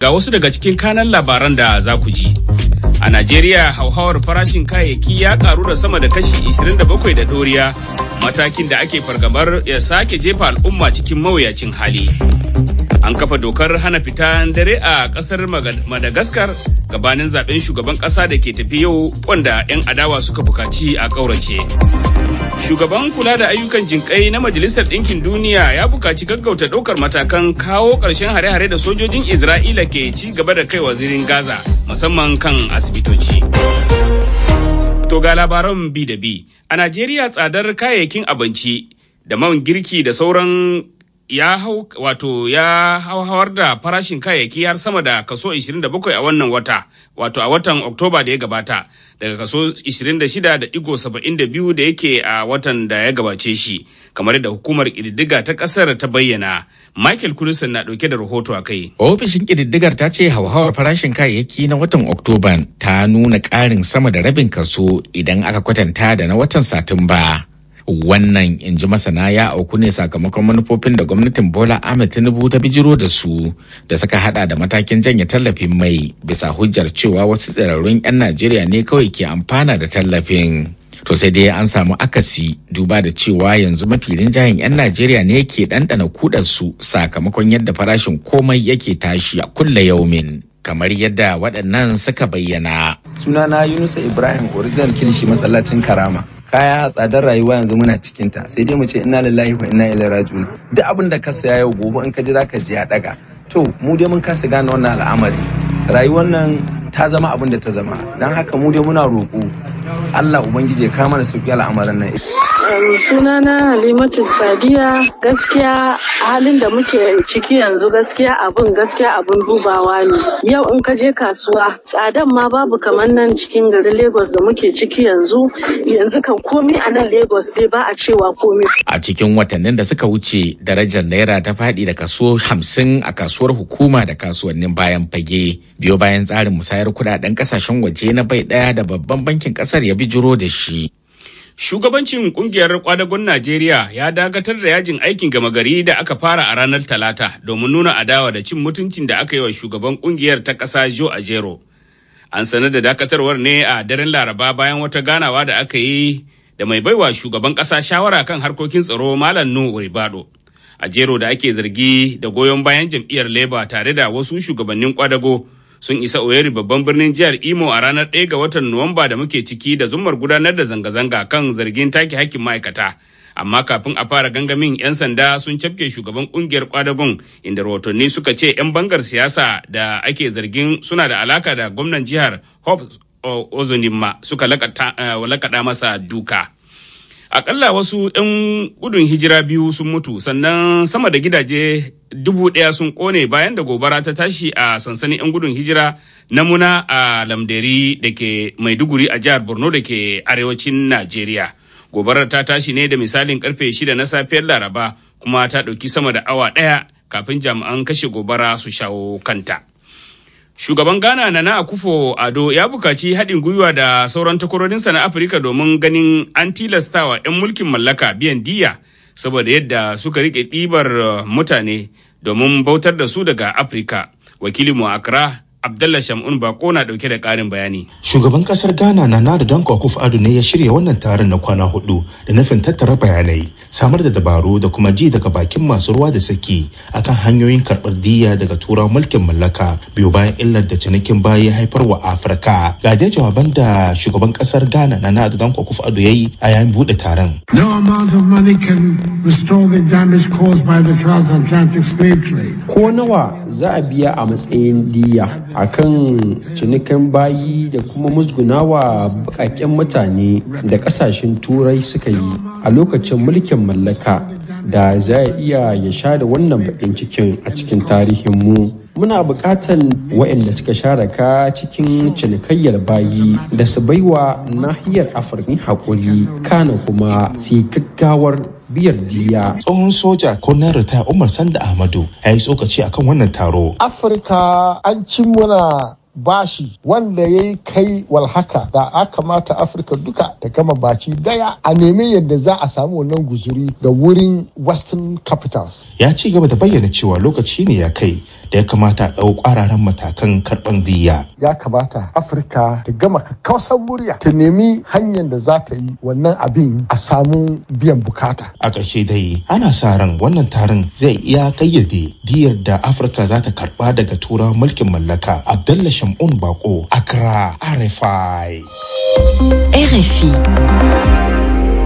Ga wasu daga cikin kanan labaran da za ku ji. A Najeriya hauhawar farashin kayayyaki ya karu da sama da kashi 27 da doriya matakin da ake fargabar ya sake jefa al'umma cikin mawuyacin hali. An kafa dokar hana fita dare a kasar Madagascar gabanin zaben shugaban kasa da ke tafi yau wanda 'yan adawa suka bukaci a ƙaurace. Shugaban kula da ayyukan jinƙai na Majalisar Ɗinkin Duniya ya bukaci gaggauta ɗaukar matakan kawo ƙarshen hare-hare da sojojin Isra'ila ke ci gaba da kaiwa Wazirin Gaza musamman kan asibitoci. To ga labaran bi da bi, a Najeriya tsadar kayayyakin abinci da man girki da sauran ya hau wato ya hauhawar da farashin kayayyaki har sama da kaso 27 a wannan wata wato a watan Oktoba da ya gabata daga kaso 26.72 da yake a watan da ya gabace shi kamar da hukumar ƙididdiga ta ƙasar ta bayyana Michael Kulisan na ɗauke da rahoto a kai. Ofishin ƙididdigar ta ce hauhawar farashin kayayyaki na watan Oktoba ta nuna ƙarin sama da rabin kaso idan aka kwatanta da na watan Satumba. Wannan in ji masana ya auku ne sakamakon manufofin da gwamnatin Bola Ahmed Tinubu ta bijiro da su da suka hada da matakin janye tallafin mai bisa hujjar cewa wasu tsirarrun 'yan Najeriya ne kawai ke amfana da tallafin. to sai dai an samu akasi duba da cewa yanzu mafi rinjayen 'yan najeriya ne ke ɗanɗana su sakamakon yadda farashin komai yake tashi a kulla yaumin kamar yadda waɗannan suka bayyana sunana yunusa ibrahim original kilishi matsalacin karama kaya tsadar rayuwa yanzu muna cikin ta sai dai mu ce inna lillahi wa inna ilaihi raji'un duk abin da ka saya yau gobe in ka ji zaka ji ya daga to mu dai mun kasa gane wannan al'amari rayuwar nan ta zama abin da ta zama dan haka mu dai muna roƙo Allah ubangije ya kama sauki al'amarin nan sunana halimatu sadiya gaskiya halin da muke ciki yanzu gaskiya abun gaskiya abun dubawa ne yau in ka je kasuwa tsadan ma babu kamar nan cikin garin lagos da muke ciki yanzu yanzu kan komi a nan lagos dai ba a cewa komi a cikin watannin da suka wuce darajar naira ta faɗi da kaso hamsin a kasuwar hukuma da kasuwannin bayan fage biyo bayan tsarin musayar kudaden kasashen waje na bai ɗaya da babban bankin ƙasar ya bijiro da shi Shugabancin kungiyar kwadagon Najeriya ya dakatar da yajin aikin gama gari da aka fara a ranar Talata domin nuna adawa da cin mutuncin da aka yi wa shugaban kungiyar ta ƙasa Joe Ajero. An sanar da dakatarwar ne a daren Laraba bayan wata ganawa da aka yi da mai baiwa shugaban ƙasa shawara kan harkokin tsaro Malam Nuhu Ribado. Ajero da ake zargi da goyon bayan jam'iyyar Labour tare da wasu shugabannin kwadago sun isa Oyeri babban birnin jihar Imo a ranar 1 ga watan Nuwamba da muke ciki da zummar gudanar da zanga-zanga kan zargin take hakkin ma'aikata. Amma kafin a fara gangamin 'yan sanda sun cafke shugaban kungiyar kwadagon inda rahotanni suka ce 'yan bangar siyasa da ake zargin suna da alaka da gwamnan jihar Hobbs Ozonimma suka lakaɗa eh, masa duka. Akalla wasu 'yan gudun hijira biyu sun mutu sannan sama da gidaje dubu ɗaya sun kone bayan da gobara ta tashi a sansanin 'yan gudun hijira na muna a Lamderi da ke Maiduguri a jihar Borno da ke arewacin Najeriya. Gobarar ta tashi ne da misalin karfe shida na safiyar Laraba kuma ta ɗauki sama da awa ɗaya kafin jami'an kashe gobara su shawo kanta. Shugaban Ghana Nana Akufo Ado ya bukaci haɗin gwiwa da sauran takwarorinsa na Afirka domin ganin an tilastawa 'yan mulkin mallaka biyan diya saboda yadda suka riƙe ɗibar uh, mutane domin bautar da su daga Afirka. wakilin a Accra, Abdullah Shamun Bako na dauke da karin bayani. Shugaban kasar Ghana na Nadu Danko Akufo Addo ne ya shirya wannan taron na kwana hudu da nufin tattara bayanai, samar da dabaru da kuma ji daga bakin masu ruwa da saki akan hanyoyin karɓar diya daga tura mulkin mallaka biyu bayan illar da cinikin baya haifar wa Afirka. Ga dai jawaban da shugaban kasar Ghana na Nadu Danko Akufo Addo yayi a yayin bude taron. No amount of money can restore the damage caused by the transatlantic slave trade. Ko nawa za a biya a matsayin diya a kan cinikin bayi da kuma musgunawa bakaken mutane da ƙasashen turai suka yi a lokacin mulkin mallaka da za a iya ya sha da wannan baƙin cikin a cikin tarihinmu muna buƙatan waɗanda suka share ka cikin cinikayyar bayi da su baiwa nahiyar afirka haƙuri kana kuma su gaggawar biyar jiya. Tsohon soja Colonel Ritaya Umar Sanda Ahmadu ya yi tsokaci akan wannan taro. Afirka an ci muna bashi wanda ya kai walhaka da aka mata afirka duka ta gama baci daya a nemi yadda za a samu wannan guzuri ga wurin western capitals ya ci gaba da bayyana cewa lokaci ne ya kai da ya kamata a ɗau ƙwararren matakan karɓan diya. Ya kamata Afirka ta gama kakkausan murya ta nemi hanyar da za ta yi wannan abin a samu biyan bukata. A ƙarshe dai ana sa ran wannan taron zai iya kayyade diyar da Afirka za ta karɓa daga tura mulkin mallaka. Abdullahi Shamun Bako, Accra, RFI. RFI.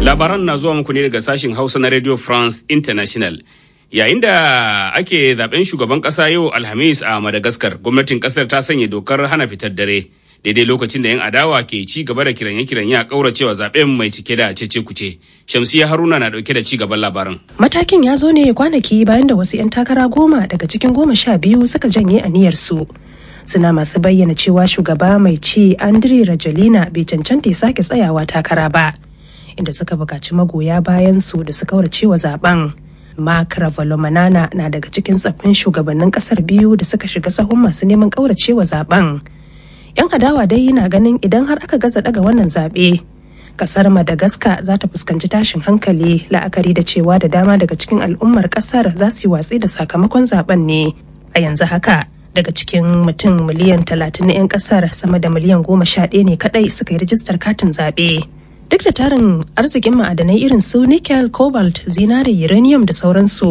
Labaran na zuwa muku ne daga sashin Hausa na Radio France International. Yayin da ake zaben shugaban ƙasa yau Alhamis a Madagaskar, gwamnatin ƙasar ta sanya dokar hana fitar dare. Daidai lokacin da 'yan adawa ke ci gaba da kiranye-kiranye a ƙauracewa zaben mai cike da cece kuce. Shamsiya Haruna na dauke da ci gaban labarin. Matakin ya zo ne kwanaki bayan da wasu 'yan takara goma daga cikin goma sha biyu suka janye su Suna masu bayyana cewa shugaba mai ci Andri Rajalina bai cancanta ya sake tsayawa takara ba. Inda suka bukaci magoya bayan su da suka kaurace wa zaben. Mark Ravalomanana na daga cikin tsaffin shugabannin kasar biyu da suka shiga sahun masu neman kauracewa zaben. 'Yan adawa dai yana ganin idan har aka gaza daga wannan zaɓe, kasar Madagascar za ta fuskanci tashin hankali la'akari da cewa da dama daga cikin al'ummar kasar za su yi watsi da sakamakon zaben ne. A yanzu haka daga cikin mutum miliyan talatin na 'yan kasar sama da miliyan goma sha ɗaya ne kaɗai suka yi rijistar katin zaɓe. duk da tarin arzikin ma'adanai irin su nickel cobalt zinare uranium da sauransu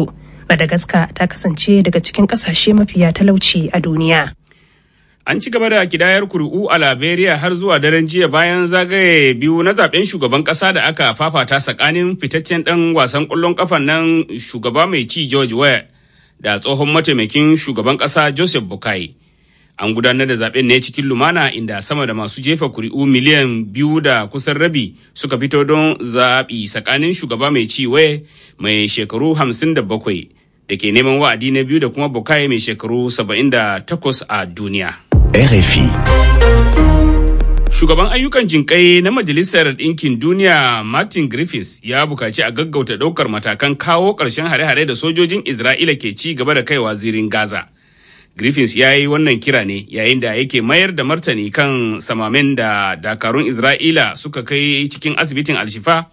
madagascar ta kasance daga cikin kasashe mafiya talauci a duniya an ci gaba da kidayar kuri'u a liberia har zuwa daren jiya bayan zagaye biyu na zaben shugaban kasa da aka fafata tsakanin fitaccen dan wasan kwallon kafan nan shugaba mai ci george weah da tsohon mataimakin shugaban kasa joseph bukai An gudanar da zaben ne cikin lumana inda sama da masu jefa kuri'u miliyan biyu da kusan rabi suka fito don zaɓi tsakanin shugaba mai waye mai shekaru hamsin da bakwai da ke neman wa'adi na biyu da kuma Bukai mai shekaru saba'in da takwas a duniya. Shugaban ayyukan jinƙai na Majalisar Ɗinkin Duniya Martin Griffiths ya bukaci a gaggauta ɗaukar matakan kawo ƙarshen hare-hare da sojojin Isra'ila ke ci gaba da kaiwa zirin Gaza. Griffiths ya yi wannan kira ne yayin da yake mayar da martani kan samamin da dakarun Isra'ila suka kai cikin asibitin Alshifa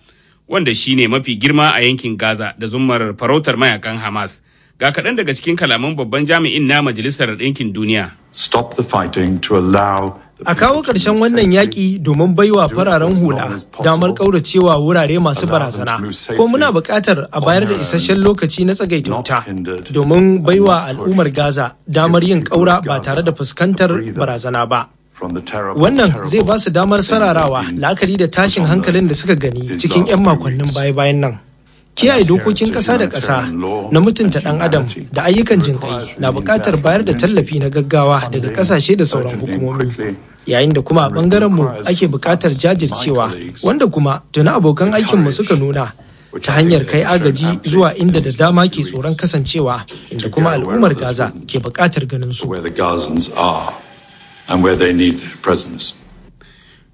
wanda shi ne mafi girma a yankin Gaza da zummar farautar mayakan Hamas. Ga kaɗan daga cikin kalaman babban jami'in na Majalisar Ɗinkin Duniya. Stop the fighting to allow A kawo ƙarshen wannan yaƙi domin baiwa fararen hula damar ƙauracewa wurare masu barazana, ko muna buƙatar a bayar da isasshen lokaci na tsagaita wuta domin baiwa al'ummar Gaza damar yin ƙaura ba tare da fuskantar barazana ba. Wannan zai ba su damar sararawa la'akari da tashin hankalin da suka gani cikin 'yan makonnin baya-bayan nan. kiyaye dokokin ƙasa da ƙasa na mutunta ɗan adam da ayyukan jinƙai na bukatar bayar da tallafi na gaggawa daga ƙasashe da sauran hukumomi yayin da kuma a ɓangarenmu ake bukatar jajircewa wanda kuma tuni abokan aikinmu suka nuna ta hanyar kai agaji zuwa inda da dama ke tsoron kasancewa inda kuma al'ummar gaza ke bukatar ganin su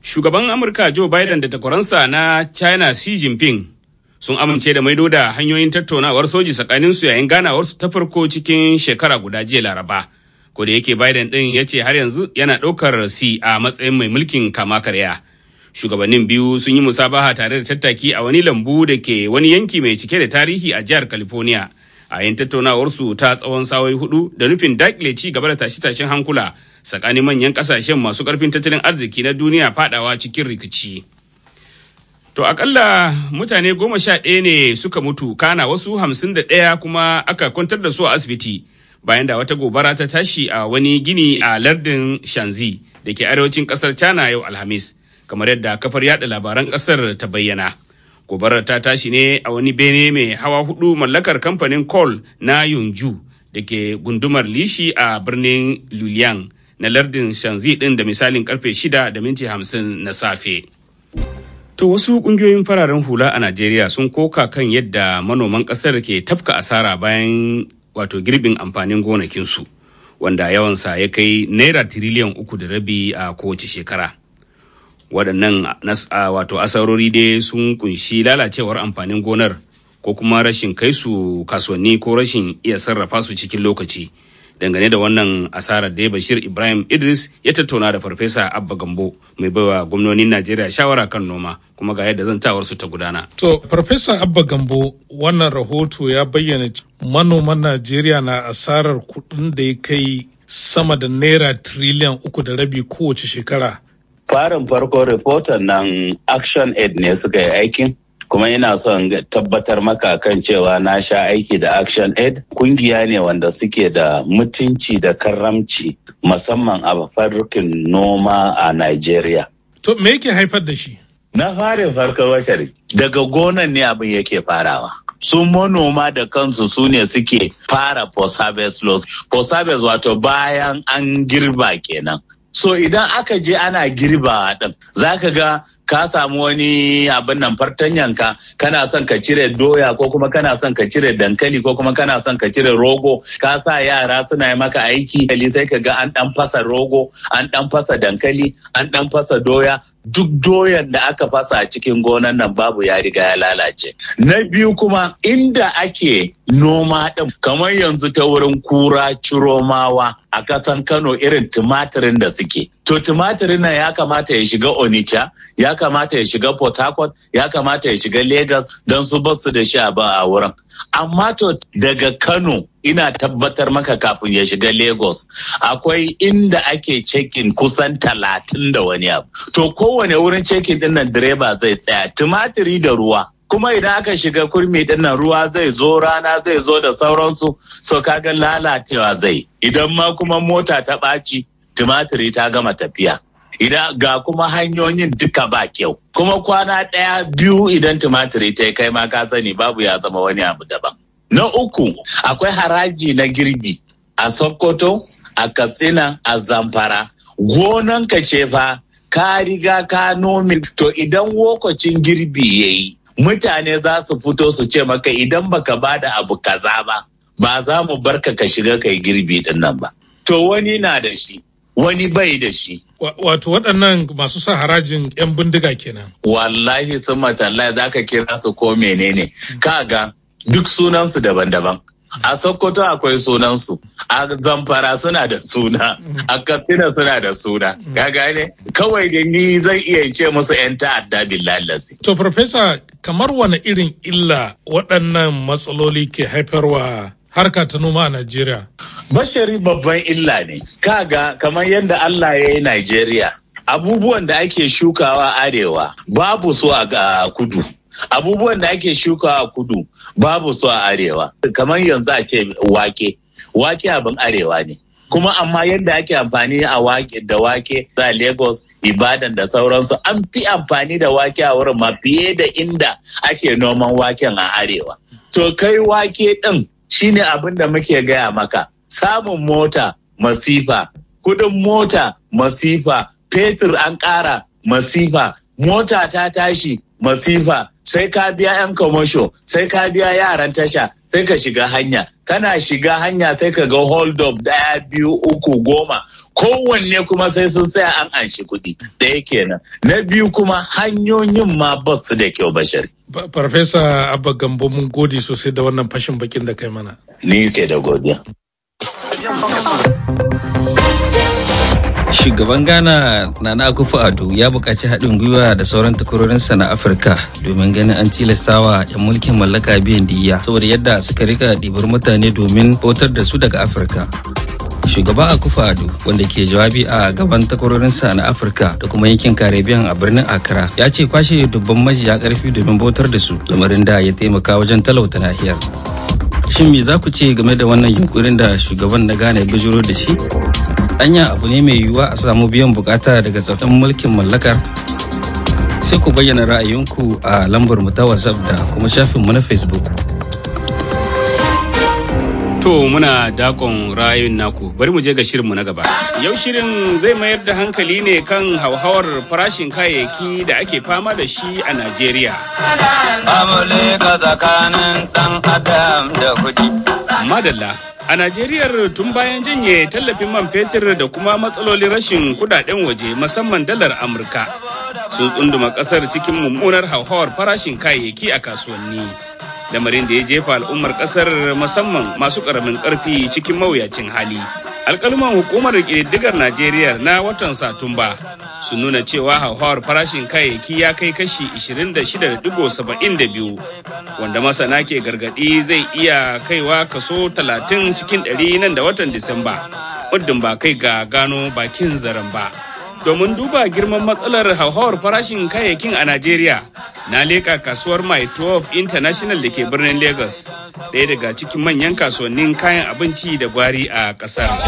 Shugaban Amurka Joe Biden da takwaransa na China Xi Jinping sun amince da maido da hanyoyin tattaunawar soji tsakaninsu yayin ganawarsu ta farko cikin shekara guda jiya laraba ko da yake biden din ya ce har yanzu yana ɗaukar si a matsayin mai mulkin kama karya shugabannin biyu sun yi musabaha tare da tattaki a wani lambu da ke wani yanki mai cike da tarihi a jihar california a yin tattaunawarsu ta tsawon sawai hudu da nufin dakile ci gaba da tashe-tashen hankula tsakanin manyan kasashen masu karfin tattalin arziki na duniya fadawa cikin rikici. To akalla mutane goma sha ɗaya ne suka mutu kana wasu hamsin da ɗaya kuma aka kwantar da su a asibiti bayan da wata gobara ta tashi a wani gini a lardin Shanzi da ke arewacin ƙasar China yau Alhamis kamar yadda kafar yada labaran ƙasar ta bayyana. Gobarar ta tashi ne a wani bene mai hawa hudu mallakar kamfanin Coal na Yunju da ke gundumar Lishi a birnin Luliang na lardin Shanzi ɗin da misalin karfe shida da minti hamsin na safe. To wasu kungiyoyin fararen hula a Najeriya sun koka kan yadda manoman ƙasar ke tafka asara bayan wato girbin amfanin gonakinsu wanda yawansa ya kai naira tiriliyan uku da rabi a kowace shekara. Waɗannan wato asarori dai sun kunshi lalacewar amfanin gonar ko kuma rashin kai su kasuwanni ko rashin iya sarrafa su cikin lokaci. dangane da wannan asarar da bashir ibrahim idris ya tattauna da farfesa abba gambo mai baiwa gwamnonin najeriya shawara kan noma kuma ga yadda su ta gudana to farfesa abba gambo wannan rahoto ya bayyana manoman najeriya na asarar kuɗin da ya kai sama da naira triliyan uku da rabi kowace shekara farin farko rahoton nan action aid ne suka yi aikin kuma ina son tabbatar maka kan cewa na sha aiki da action aid kungiya ne wanda suke da mutunci da karamci musamman a farkin noma a nigeria to me yake haifar da shi na fara farkon bashari daga gonan ne abin yake farawa su manoma da kansu su ne suke fara post harvest loss post harvest wato bayan an girba kenan so idan aka je ana girba din ka ga ka samu wani abin nan fartan ka kana son ka cire doya ko kuma kana son ka cire dankali ko kuma kana son ka cire rogo ka sa yara suna yi maka aiki sai ka ga an dan fasa rogo an dan fasa dankali an dan fasa doya duk doyan da aka fasa a cikin gonan nan babu ya riga ya lalace. Na biyu kuma inda ake noma ɗin kamar yanzu ta wurin kura ciromawa a kasan Kano irin tumatirin da suke. to tumatirin nan ya kamata ya shiga onitsha ya kamata ya shiga port harcourt ya kamata ya shiga lagos don su basu da sha ba a wurin amma to daga kano ina tabbatar maka kafin ya shiga lagos akwai inda ake cekin kusan talatin da wani abu to kowane wurin cekin din nan direba zai tsaya tumatiri da ruwa kuma idan aka shiga kurmi ɗinnan ruwa zai zo rana zai zo da sauransu so kaga lalacewa zai idan ma kuma mota ta ɓaci tumatiri ta gama tafiya idan ga kuma hanyoyin duka ba kyau kuma kwana ɗaya biyu idan tumatiri ta kai ma ka sani babu ya zama wani abu daban na uku akwai haraji na girbi a sokoto a katsina a zamfara Gonan ka ce fa ka riga ka nomi to idan wokacin girbi ya yi mutane za su fito su ce maka idan baka ba da abu kaza ba ba za mu barka ka shiga kai girbi ɗin nan ba to wani na da shi wani bai da shi. Wato waɗannan masu sa harajin 'yan bindiga kenan. Wallahi sun matallahi za ka kira su ko menene. Kaga duk sunansu daban-daban. A Sokoto akwai sunansu, a Zamfara suna da suna, a Katsina suna da suna. Ka gane? Kawai da ni zan iya ce musu 'yan ta'adda billahi To, Farfesa, kamar wani irin illa waɗannan matsaloli ke haifarwa harka ta noma a Najeriya? Bashari babban illa ne. Kaga kamar yadda Allah ya yi Najeriya. Abubuwan da ake shukawa arewa babu su a kudu. Abubuwan da ake shukawa a kudu babu su a arewa. Kamar yanzu a ce wake. Wake abin arewa ne. kuma amma yadda ake amfani a wake da wake za Lagos, Ibadan da sauransu an fi amfani da wake a wurin ma fiye da inda ake noman waken a arewa. To kai wake ɗin shine abin da muke gaya maka samun mota masifa kudin mota masifa fetur an ƙara masifa mota ta tashi masifa sai ka biya 'yan kamasho sai ka biya yaran tasha sai ka shiga hanya kana shiga hanya sai ka ga hold up daya biyu uku goma kowanne kuma sai sun tsaya an anshi kuɗi da yake nan na biyu kuma hanyoyin ma ba su da kyau bashari Farfesa Abba Gambo mun gode sosai da wannan fashin bakin da kai mana. Ni ke da godiya. Shugaban Ghana Nana Akufo Addo ya buƙaci haɗin gwiwa da sauran takwarorinsa na Afirka domin ganin an tilastawa 'yan mulkin mallaka biyan diyya, saboda yadda suka rika ɗibar mutane domin bautar da su daga Afirka. shugaba akufa ado wanda ke jawabi a gaban takwarorinsa na afirka da kuma yankin karibiyan a birnin accra ya ce kwashe dubban majiya karfi domin bautar da su lamarin da ya taimaka wajen talauta nahiyar shin me za ku ce game da wannan yunkurin da shugaban na ghana bijiro da shi anya abu ne mai yiwuwa a samu biyan bukata daga tsautan mulkin mallakar sai ku bayyana ra'ayinku a lambar mu ta whatsapp da kuma shafinmu na facebook To muna dakon rayun naku bari mu je ga mu na gaba. Yau shirin zai mayar da hankali ne kan hauhawar farashin kayayyaki da ake fama da shi a Najeriya. Madalla. A Najeriya tun bayan janye tallafin man fetur da kuma matsalolin rashin kudaden waje musamman dalar Amurka sun tsunduma kasar cikin mummunar hauhawar farashin kayayyaki a kasuwanni. lamarin da ya jefa al'ummar kasar musamman masu karamin karfi cikin mawuyacin hali Alkalman hukumar kididdigar najeriya na watan satumba sun nuna cewa hauhawar farashin kayayyaki ya kai kashi 26.72 wanda masana ke gargadi zai iya kaiwa kaso 30 cikin 100 nan da watan disamba muddin ba kai ga gano bakin zaren ba. domin duba girman matsalar hauhawar farashin kayayyakin a Najeriya. Na leƙa kasuwar My 12 International da ke birnin Lagos, ɗaya daga cikin manyan kasuwannin kayan abinci da gwari a ƙasar.